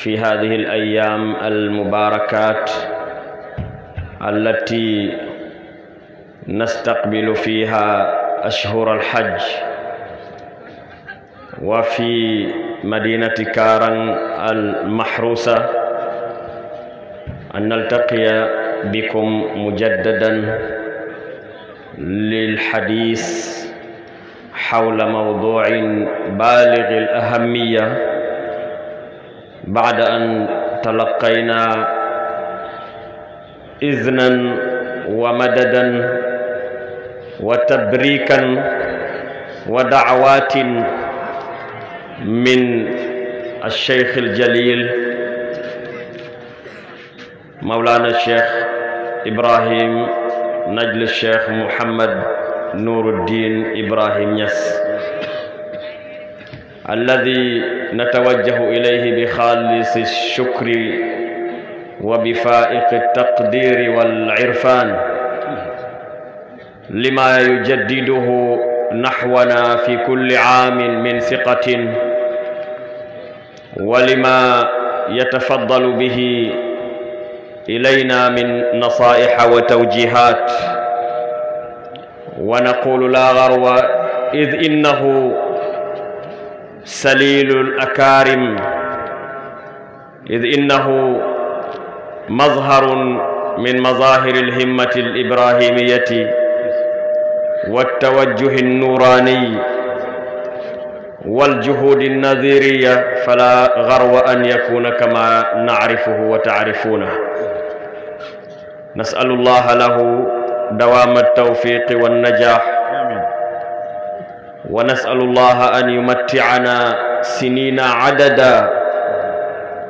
في هذه الأيام المباركات التي نستقبل فيها أشهر الحج وفي مدينة كارن المحروسة أن نلتقي بكم مجددا للحديث حول موضوع بالغ الأهمية بعد أن تلقينا إذنا ومددا وتبريكا ودعوات من الشيخ الجليل مولانا الشيخ إبراهيم نجل الشيخ محمد نور الدين إبراهيم يس الذي نتوجه إليه بخالص الشكر وبفائق التقدير والعرفان لما يجدده نحونا في كل عام من ثقة ولما يتفضل به إلينا من نصائح وتوجيهات ونقول لا غرو إذ إنه سليل الأكارم إذ إنه مظهر من مظاهر الهمة الإبراهيمية والتوجه النوراني والجهود النذيرية فلا غرو أن يكون كما نعرفه وتعرفونه نسأل الله له دوام التوفيق والنجاح ونسأل الله أن يمتعنا سنين عددا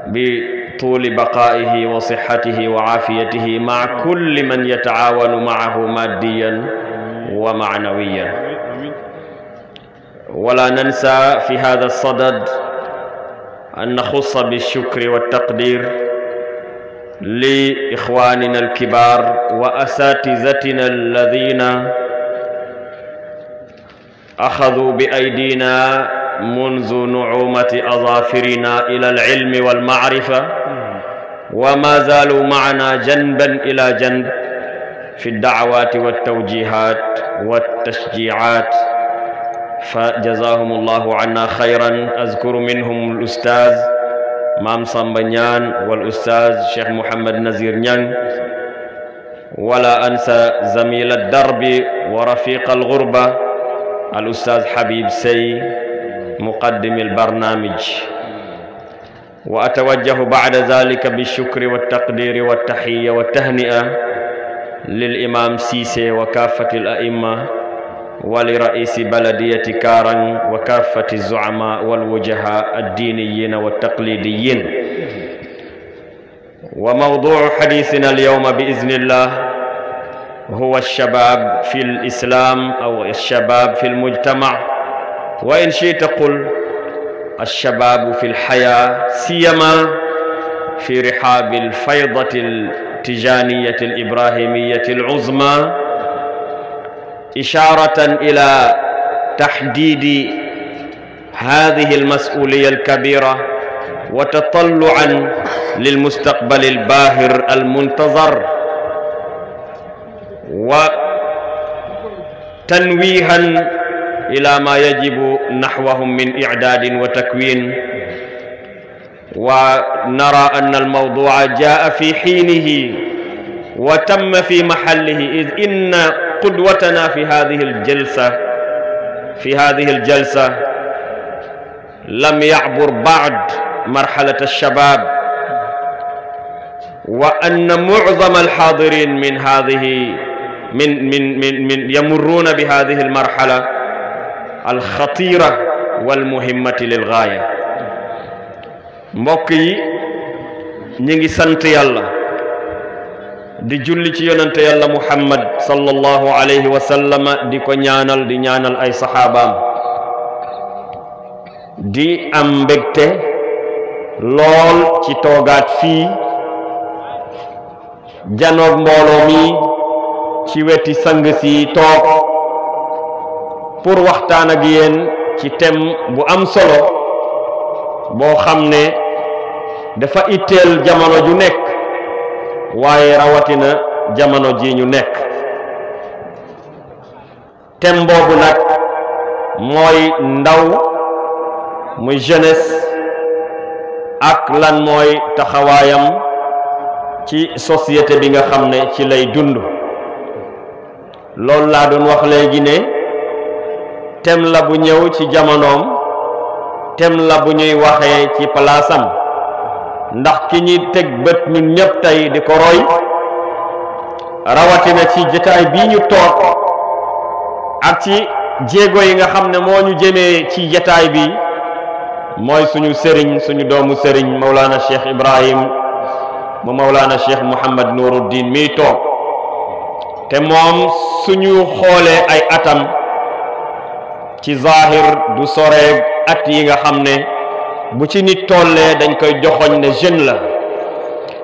بطول بقائه وصحته وعافيته مع كل من يتعاون معه ماديا ومعنويا ولا ننسى في هذا الصدد أن نخص بالشكر والتقدير لإخواننا الكبار وأساتذتنا الذين أخذوا بأيدينا منذ نعومة أظافرنا إلى العلم والمعرفة وما زالوا معنا جنبا إلى جنب في الدعوات والتوجيهات والتشجيعات فجزاهم الله عنا خيرا أذكر منهم الأستاذ مام صمبنيان والأستاذ شيخ محمد نزير نيان ولا أنسى زميل الدرب ورفيق الغربة الأستاذ حبيب سي مقدم البرنامج وأتوجه بعد ذلك بالشكر والتقدير والتحية والتهنئة للإمام سيسي وكافة الأئمة ولرئيس بلدية كارن وكافة الزعماء والوجهاء الدينيين والتقليديين وموضوع حديثنا اليوم بإذن الله هو الشباب في الإسلام أو الشباب في المجتمع وإن شئت قل الشباب في الحياة سيما في رحاب الفيضة التجانية الإبراهيمية العظمى إشارة إلى تحديد هذه المسؤولية الكبيرة وتطلعا للمستقبل الباهر المنتظر وتنويها إلى ما يجب نحوهم من إعداد وتكوين ونرى أن الموضوع جاء في حينه وتم في محله إذ إن قدوتنا في هذه الجلسة في هذه الجلسة لم يعبر بعد مرحلة الشباب وأن معظم الحاضرين من هذه min min min min yamurruuna bi hadihi almarhala alxatira walmuhimmati lilgaaya mbokk yi ñi ngi sant yàlla di julli ci yonante yàlla muhammad sallallahu alayhi wa sallama di ko ñaanal di ñaanal ay saxaabaam di am mbégte lool ci toogaat fii janoog mbooloo ci weti sang si toog pour waxtaan ak yéen ci thème bu am solo boo xam ne dafa itteel jamono ju nekk waaye rawatina jamono ji ñu nekk thème boobu nag mooy ndaw muy jeunesse ak lan mooy taxawaayam ci société bi nga xam ne ci lay dund loolu laa doon wax léegi ne tem la bu ñëw ci jamonoom tem la bu ñuy waxee ci palaasam ndax ki ñuy teg bët ñun ñëpp tey di ko roy rawatina ci jotaay bi ñu toog ak ci jéego yi nga xam ne moo ñu jëmee ci jataay bi mooy suñu sëriñ suñu doomu sëriñ Mawlana Cheikh Ibrahim mu Mawlana Cheikh Mouhamad Nuruddin miy toog te moom suñu xoolee ay atam ci zahir du sore at yi nga xam ne bu ci nit tollee dañ koy joxoñ ne jeune la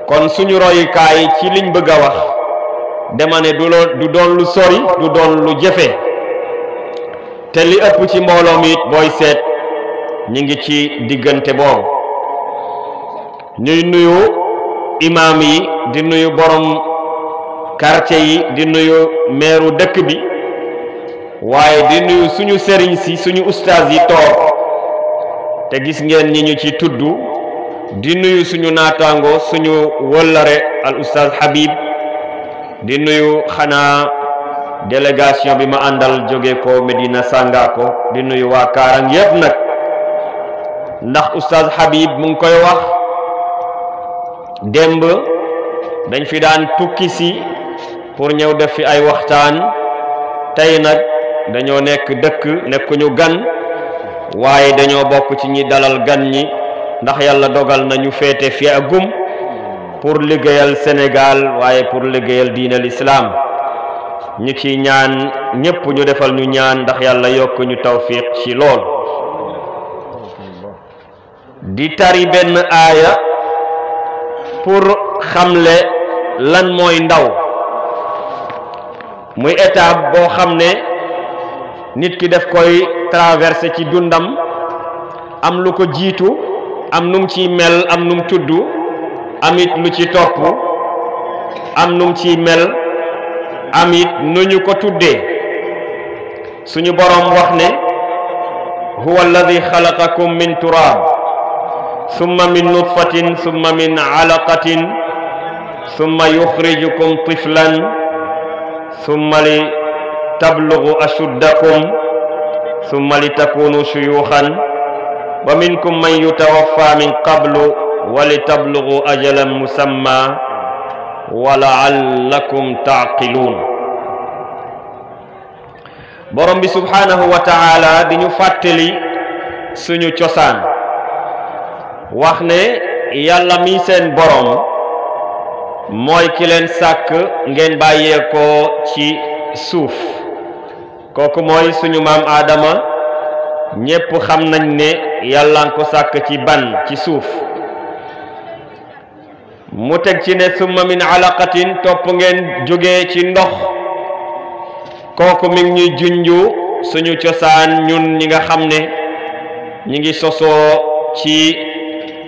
kon suñu royukaay ci liñ bëgg a wax dama ne du loo du doon lu sori du doon lu jëfe te li ëpp ci mbooloo it booy seet ñu ngi ci diggante boobu ñuy nuyu imaam yi di nuyu borom quartier yi di nuyu meeru dëkk bi waaye di nuyu suñu sëriñ si suñu ustaas yi toog te gis ngeen ñi ñu ci tudd di nuyu suñu naataango suñu wëllare al ustaas Habib di nuyu xanaa délégation bi ma àndal jóge ko Medina sànga di nuyu waa Kaarang yépp nag ndax ustaas Habib mu ngi koy wax démb dañ fi daan tukki si pour ñew def fi ay waxtaan tey nag dañoo nekk dëkk ñu gan waye dañoo bok ci ñi dalal gan ñi ndax yalla dogal ñu fété fi agum, pour ligéyal Sénégal waye pour ligéyal diine l'islam ñi ci ñaan ñepp ñu defal ñu ñaan ndax yalla yok ñu tawfiq ci lool di tari ben aya pour xamlé lan moy ndaw muy étape boo xam ne nit ki def koy traversé ci dundam am lu ko jiitu am num ciy mel am num tudd amit lu ci topp am num ciy mel amit nu ñu ko tuddee suñu boroom wax ne huwa alladi xalaqakum min turaab summa min nutfatin summa min alaqatin summa yuxrijukum tiflan ثم لتبلغ أشدكم ثم لتكونوا شيوخا ومنكم من يتوفى من قبل ولتبلغوا أجلا مسمى ولعلكم تعقلون برم سبحانه وتعالى دي نفتلي سنو چوسان وخني يالا ميسين برم برم mooy ki leen sàkk ngeen bàyyeekoo ci suuf kooku mooy suñu maam aadama ñépp xam nañ ne yàlla ko sàkk ci ban ci suuf mu teg ci ne summa min alaqatin topp ngeen jóge ci ndox kooku mi ngi ñuy junju suñu cosaan ñun ñi nga xam ne ñi ngi sosoo ci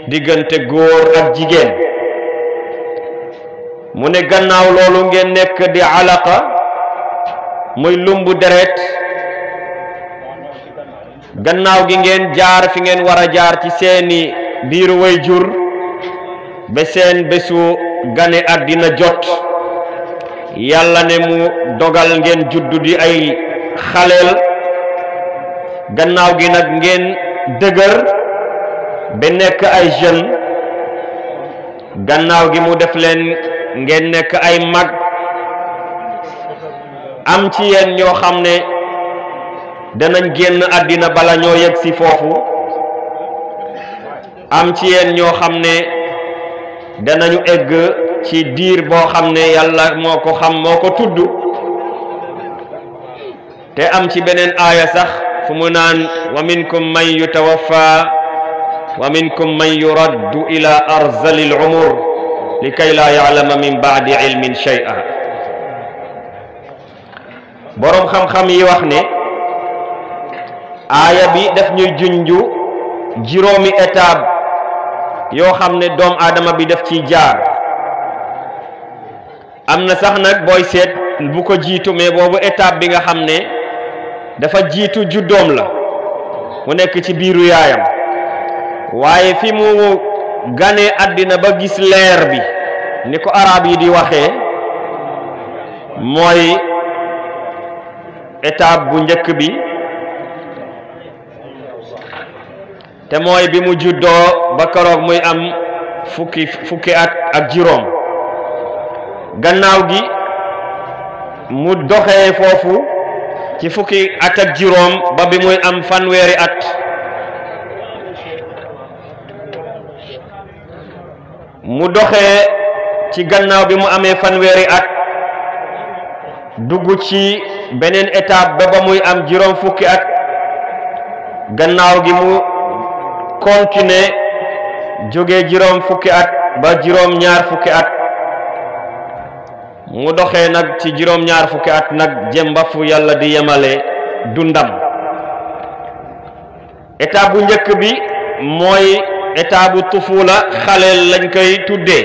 diggante góor ak jigéen mu ne gannaaw loolu ngeen nekk di alaqa muy lumbu deret gannaaw gi ngeen jaar fi ngeen war a jaar ci seeni biiru way jur ba seen bésu gane àddina jot yàlla ne mu dogal ngeen juddu di ay xaleel gannaaw gi nag ngeen dëgër ba nekk ay jeune gannaaw gi mu def leen ngeen nek ay mag am ci yeen ño xamne danañ genn adina bala ño yek si fofu am ci yeen ño xamne danañu egg ci dir bo xamne yalla moko xam moko tuddu te am ci benen aya sax fu mu nan wa minkum man yutawaffa wa minkum man yuraddu ila arzalil umur li kay laa yaalama min baadi ilmin shay'a boroom xam-xam yi wax ne aaya bi daf ñuy junju juróomi étape yoo xam ne doom aadama bi def ciy jaar am na sax nag booy seet bu ko jiitu mais boobu étape bi nga xam ne dafa jiitu juddoom la mu nekk ci biiru yaayam waaye fi mu ganee àddina ba gis leer bi ni ko araab yi di waxe mooy étape bu njëkk bi te mooy bi mu juddoo ba keroog muy am fukki fukki at ak juróom gannaaw gi mu doxee foofu ci fukki at ak juróom ba bi muy am fanweeri at mu doxe ci gannaaw bi mu amee fanweeri at dugg ci beneen étape ba ba muy am juróom fukki at gannaaw gi mu continuer jóge juróom fukki at ba juróom ñaar fukki at mu doxe nag ci juróom ñaar fukki at nag jëmba yàlla di yemale dundam étape bu njëkk bi mooy état bu tufula xaleel lañ koy tuddee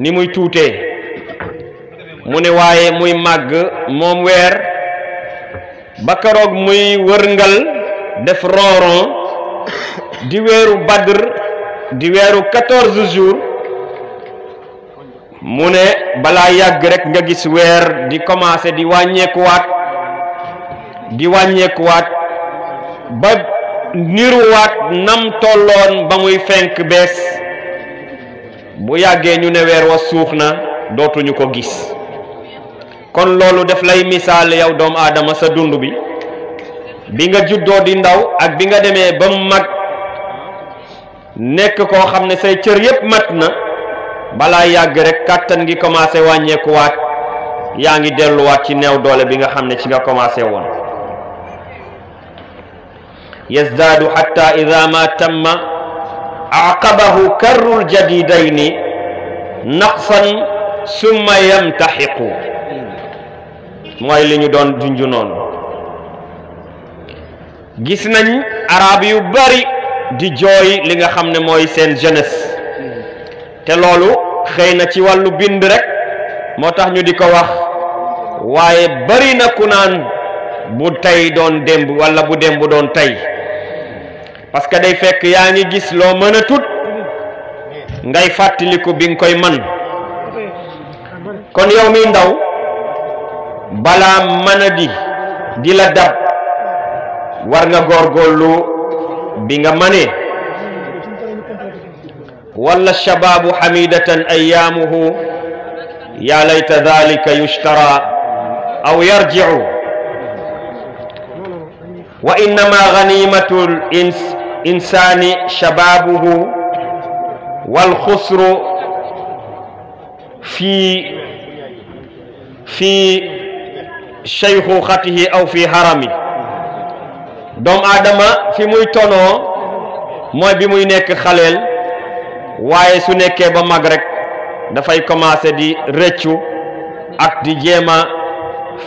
ni muy touté mune waye muy mag mom mui ba keroog muy wërngal def di weeru badr di weeru 14 jours mune bala yag rek nga gis weer di kuat, di wàññeekuwaat di wàññeekuwaat ba wat nam tolon ba muy fenk bu yàggee ñu ne weer wa suux na dootuñu ko gis kon loolu def lay misaal yow doomu aadama sa dund bi bi nga juddoo di ndaw ak bi nga demee ba mag nekk koo xam ne say cër yépp mat na balaa yàgg rek kàttan gi commencé wàññeekuwaat yaa ngi delluwaat ci neew doole bi nga xam ne ci nga commencé woon yazdaadu xatta ida ma aqabahu karrul jadidaini naqsan summa yamtahiqu moy liñu don doon non gis nañ arab yu bari di joy li nga xamne moy sen jeunesse te lolu xeyna ci walu bind rek motax ñu diko wax waye bari na kunan bu tay don demb wala bu demb don tay parce que day fekk yaa ngi gis loo mën tut ngay fàttaliku bi nga koy man kon yow mi ndaw balaa mën a di di la dab war nga góorgóorlu bi nga manee wala shababu xamidatan ayaamuhu yaa layta dalika yushtara aw yarjicu wa innama ganimatul ins insaani shababuhu wal xusru fii fii sheyxuxatihi aw fii harami doomu aadama fi muy tonoo mooy bi muy nekk xaleel waaye su nekkee ba mag rekk dafay commencé di rëccu ak di jéema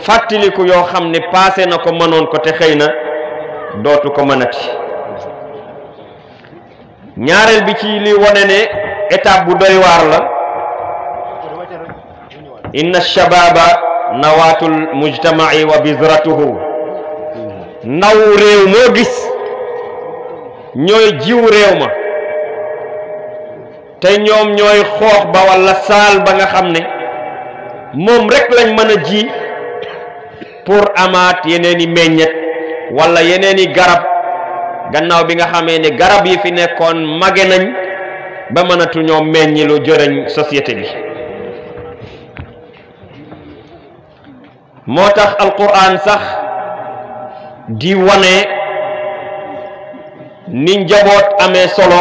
fàttaliku yoo xam ne passé na ko mënoon ko te xëy na dootu ko mënati ñaareel bi ci li wone ne étape bu doy waar la inna shababa nawaatul mujtama'i wa bizratuhu ndaw réew moo gis ñooy jiw réew ma te ñoom ñooy xoox ba walla saal ba nga xam ne moom rekk lañ mën a ji pour amaat yeneen yeneeni meññet walla yeneen yeneeni garab gannaaw bi nga xamee ne garab yi fi nekkoon mage nañ ba mënatuñoo meññi lu jëriñ société bi moo tax alquran sax di wane ni njaboot amee solo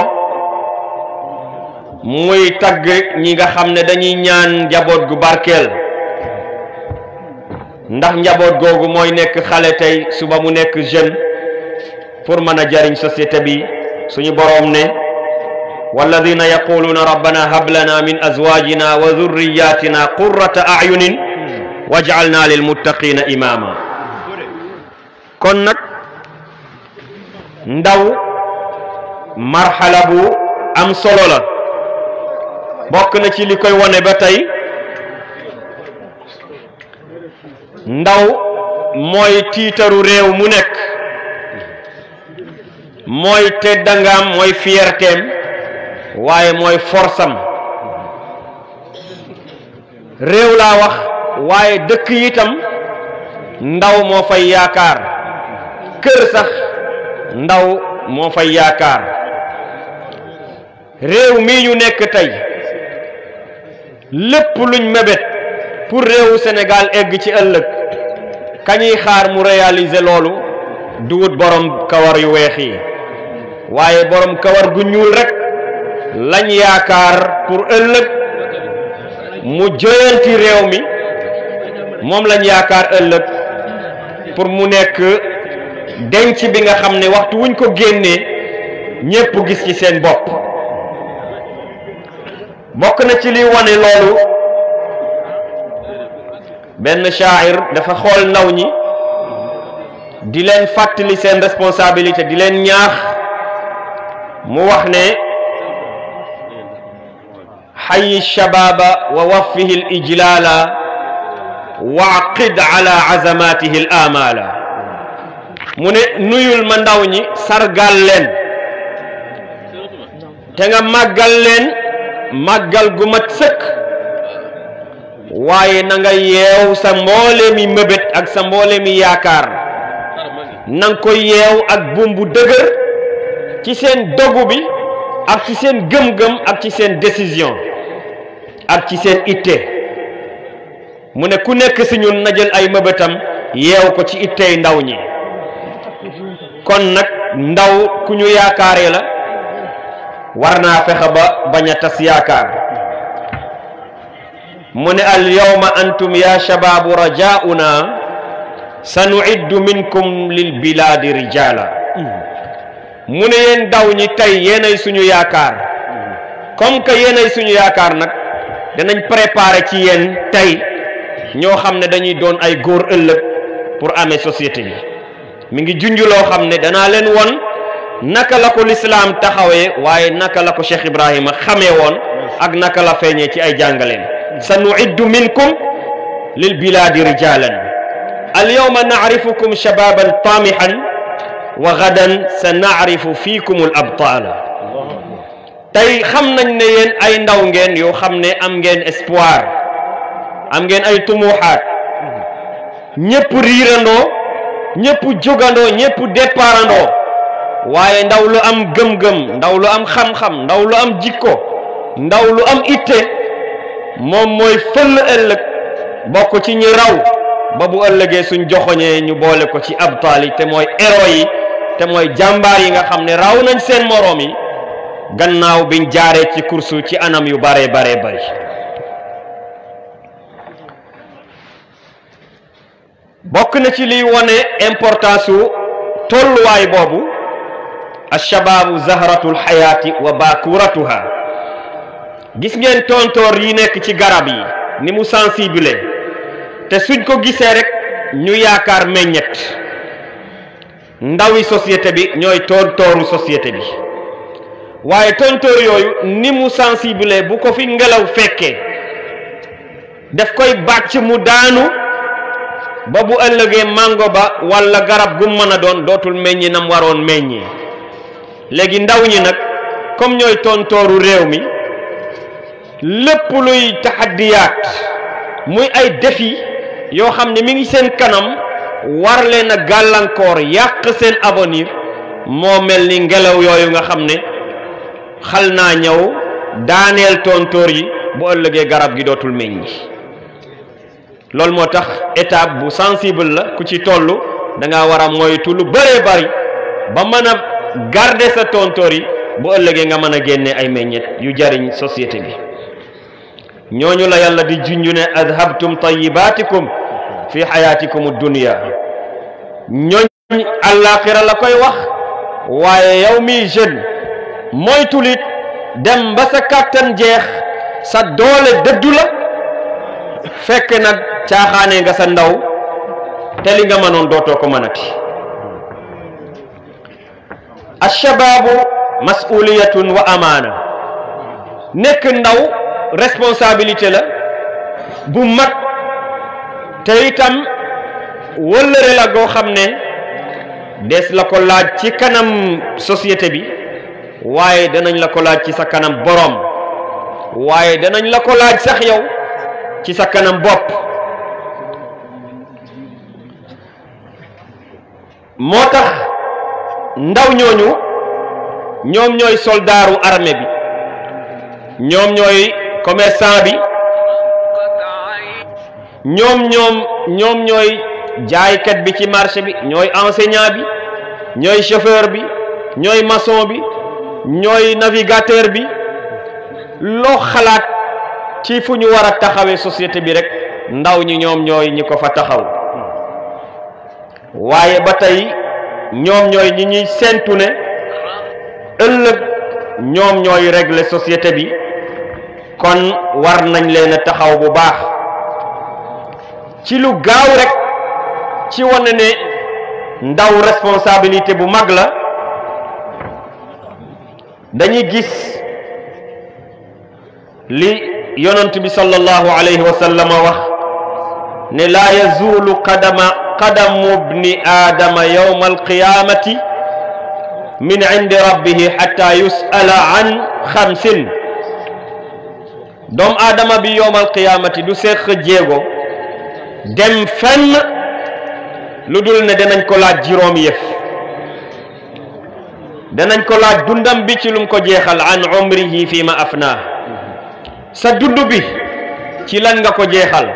muy tagg ñi nga xam ne dañuy ñaan njaboot gu barkeel ndax njaboot googu mooy nekk xale tey suba mu nekk jeune pour mën a jariñ société bi suñu boroom ne walladina yaquluuna rabbana hablana min azwajina wa zurriyatina qurrata ayunin waj'alna lilmuttaqina imama kon nag ndaw marxala bu am solo bokk na ci li koy wone ba tey ndaw moy tiitaru réew mu nekk mooy teddangaam mooy fierteem waaye mooy forsam réew laa wax waaye dëkk yitam ndaw moo fay yaakaar kër sax ndaw moo fay yaakaar réew mii ñu nekk tey lépp luñ mébét pour réewu Sénégal egg ci ëllëg kañuy xaar mu réaliser loolu dugut wut borom kawar yu weex yi waye borom kawar gu ñuul rek lañ yaakar pour ëlëk mu jëyanti réew mi mom lañ yaakar ëlëk pour mu nekk denc bi nga xamne waxtu wuñ ko génné ñepp gis ci seen bop bok na ci li wone lolu ben sha'ir dafa xol nawñi di len fatali sen responsabilité di len ñaax mu wax ne xayi shabaaba wa waffihi l ijlaala wa aqid ala azamatihi l amaala mu ne nuyul ma ndaw ñi sargal leen te nga màggal leen màggal gu mat sëkk waaye na nga yeew sa mbooleemi mëbét ak sa mbooleemi yaakaar na nga ko yeew ak buum bu dëgër ci seen dogu bi ak ci seen gëm-gëm ak ci seen décision ak ci seen itte mu ne ku nekk si ñun na jël ay mëbëtam yeew ko ci ittey ndaw ñi kon nag ndaw ku ñu yaakaare la war naa fexe ba bañ a tas yaakaar mu ne al yawma antum ya shababu rajauna sanuiddu minkum lil biladi rijala mu ne yéen daw ñi tey yéenay suñu yaakaar comme que yéenay suñu yaakaar nag danañ préparer ci yéen tey ñoo xam ne dañuy doon ay góor ëllëg pour amee société bi mu ngi junj loo xam ne danaa leen won naka la ko lislaam taxawee waaye naka la ko Cheikh Ibrahima xamee woon ak naka la feeñee ci ay jàngaleen sa nuiddu minkum lil bilaadi rijalan al yawma naarifukum shababan taamihan wa gadan sa naarifu fiikumul abtaala tey xam nañ ne yéen ay ndaw ngeen yoo xam ne am ngeen espoir am ngeen ay tumuxaat ñëpp riirandoo ñëpp jógandoo ñëpp départandoo waaye ndaw lu am gëm-gëm ndaw lu am xam-xam ndaw lu am jikko ndaw lu am itte moom mooy fëll ëllëg bokk ci ñi raw ba bu ëllëgee suñ joxoñee ñu boole ko ci abtaal yi te mooy héros yi te mooy jàmbaar yi nga xam ne raw nañ seen moroom yi gannaaw biñ jaaree ci kursu ci anam yu bare bare bari bokk na ci liy wone importance su tolluwaay boobu alshabaabu zahratul xayaati wa bakuratuha gis ngeen tontoor yi nekk ci garab yi ni mu sensible te suñ ko gisee rekk ñu yaakaar meññet ndawi société bi ñooy tóor-tóoru société bi waaye tóor-tóor yooyu ni mu sensible bu ko fi ngelaw fekkee daf koy bàcc mu daanu ba bu ëllëgee mango ba walla garab gu mën a doon dootul meññi waroon meññi léegi ndaw ñi nag comme ñooy tóor-tóoru réew mi lépp luy taxaddiyaat muy ay défi yoo xam ne mi ngi seen kanam. war leen a gàllankoor yàq seen avenir moo mel ni ngelaw yooyu nga xam ne xal naa ñëw daaneel tontoor yi bu ëllëgee garab gi dootul meññ loolu moo tax étape bu sensible la ku ci toll danga nga war a moytu lu bëree bari ba mën a garder sa tontoor yi bu ëllëgee nga mën a génne ay meññet yu jariñ société bi ñooñu la yàlla di junju ne adhabtum tayyibatikum fi xayaatikum dunia ñooñ àllaaxira la koy wax waaye yow mi jeune mooy dem ba sa kàttan jeex sa doole dëddu la fekk nag caaxaane nga sa ndaw te li nga mënoon dootoo ko mënati alshababu masuliyatun wa amaana nekk ndaw responsabilité la bu mag te itam wëllëre la goo xam ne des la ko laaj ci kanam société bi waaye danañ la ko laaj ci sa kanam boroom waaye danañ la ko laaj sax yow ci sa kanam bopp moo tax ndaw ñooñu ñoom ñooy soldaaru armée bi ñoom ñooy commerçant bi ñoom ñoom ñoom ñooy jaaykat bi ci marché bi ñooy enseignant bi ñooy chauffeur bi ñooy maçon bi ñooy navigateur bi loo xalaat ci fu ñu war a taxawee société bi rek ndaw ñi ñoom ñooy ñi ko fa taxaw waaye ba tey ñoom ñooy ñi ñuy seentu ne ëllëg ñoom ñooy régler société bi kon war nañ leen a taxaw bu baax ci lu gaaw rek ci wane ne ndaw responsabilité bu mag la dañuy gis li yonent bi sallallahu alayhi wa wax ne laa yazuulu qadama qadamu bni aadama yowma alqiyamati min indi rabbihi xata yusala an xamsin doom aadama bi yowma alqiyamati du seq jéego dem fenn ludul ne danañ ko laaj juróom yef danañ ko laaj dundam bi ci lum ko jeexal an umrihi fi ma afna sa dund bi ci lan nga ko jeexal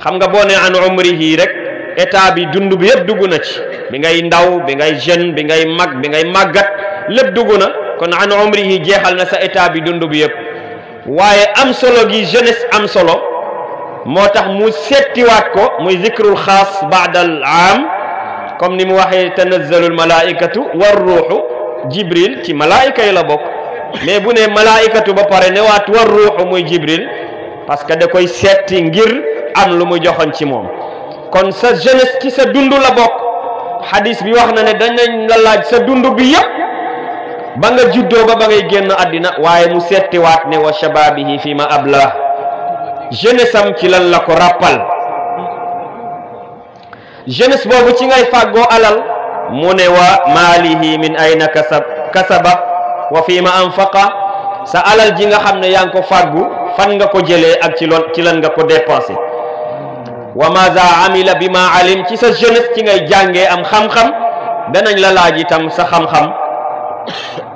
xam nga boone an umrihi rek état bi dundu bi yeb duguna ci bi ngay ndaw bi ngay jeune bi ngay mag bi ngay magat lepp duguna kon an umrihi jeexal na sa état bi dundu bi yeb waye am solo gi jeunesse am solo motax mu setti wat ko muy zikrul khas xaas al am comme ni mu waxee tanazzalul malaikatu war ruuxu jibril ci malaika yi la bok mais bu ne malaayikatu ba pare ne wat war ruuxu muy jibril parce que da koy setti ngir am lu mu joxon ci mom kon sa jeunesse ci sa dundu la bok hadith bi wax na ne dañ danañ la laaj sa dundu bi yëpp ba nga juddo ba ba ngay génn adina waye mu setti wat ne wa shababihi fima abla jeunesse am ci lan la ko ràppal jeunesse boobu ci ngay fàggoo alal mu ne wa maalihi min ayna kasab kasaba wa fii ma anfaqa sa alal ji nga xam ne yaa ngi ko fàggu fan nga ko jëlee ak ci loon ci lan nga ko dépensé wa maza amila bi ma alim ci sa jeunesse ci ngay jànge am xam-xam danañ la itam sa xam-xam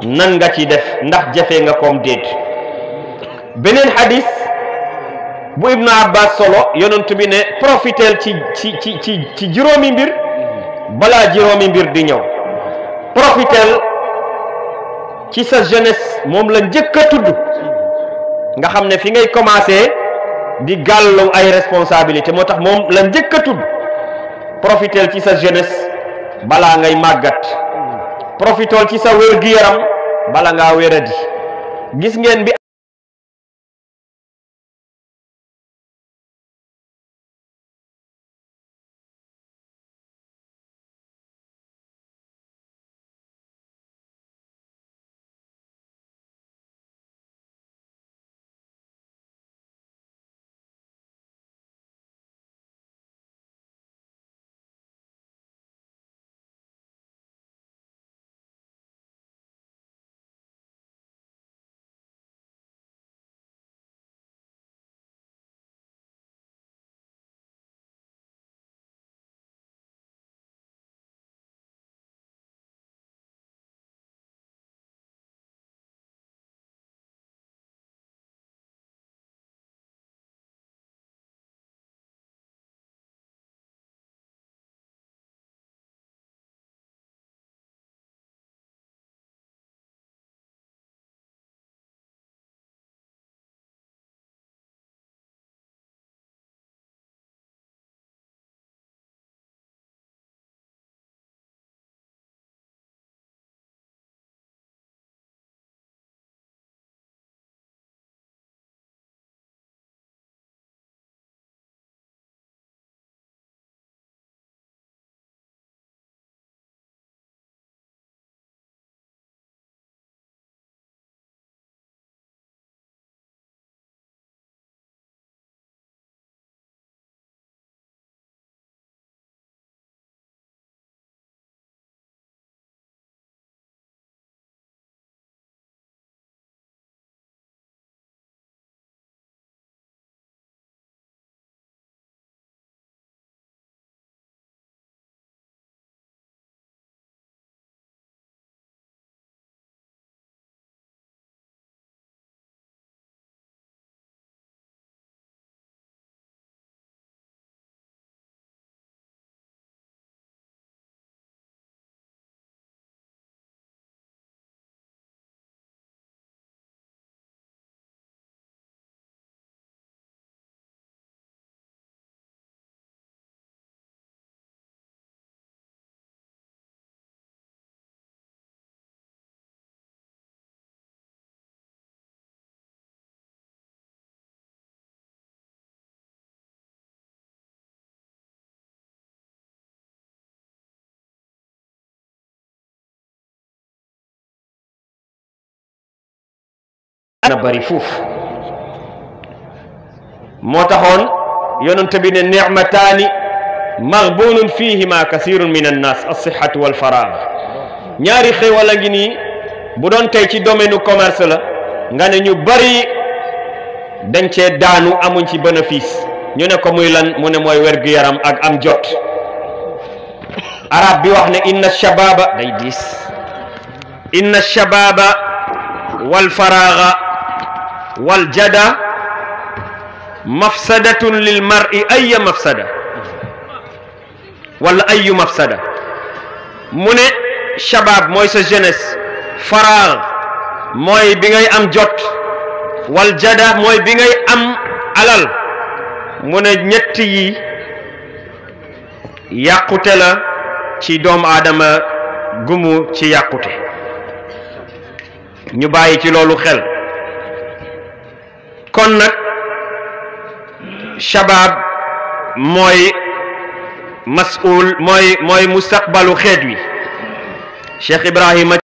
nan nga ci def ndax jafe nga koom déet beneen hadis bu ibnu abbas solo yonent bi ne profitel ci ci ci ci ci mbir bala juromi mbir di ñew profitel ci sa jeunesse mom la jëkka a tudd nga xamne fi ngay commencé di gallo ay responsabilité motax mom la jëkka tudd profitel ci sa jeunesse bala ngay magat profitol ci sa wër gu yaram bala nga wëradi gis ngeen bi na bari fuuf moo taxoon bi ne nicmataani maghbuunun fiihima kasirun min annaas alsixatu ñaari xéewal a nii bu doon tey ci domaine commerce la nga ne ñu bari dañ cee daanu amuñ ci bénéfice ñu ne ko muy lan mu ne mooy wér-gu-yaram ak am jot arab bi wax ne inna shabaaba day diis wal jada mafsadatun lil mar'i ayya mafsada wala ayyu mafsada mu ne shabab mooy sa genes faraag mooy bi ngay am jot wal jada mooy bi ngay am alal mu ne ñett yi yàqute la ci doom aadama gumu ci yàqute ñu bàyyi ci loolu xel kon nag shabaab mooy masul mooy mooy mustaqbalu xeet wi Cheikh Ibrahima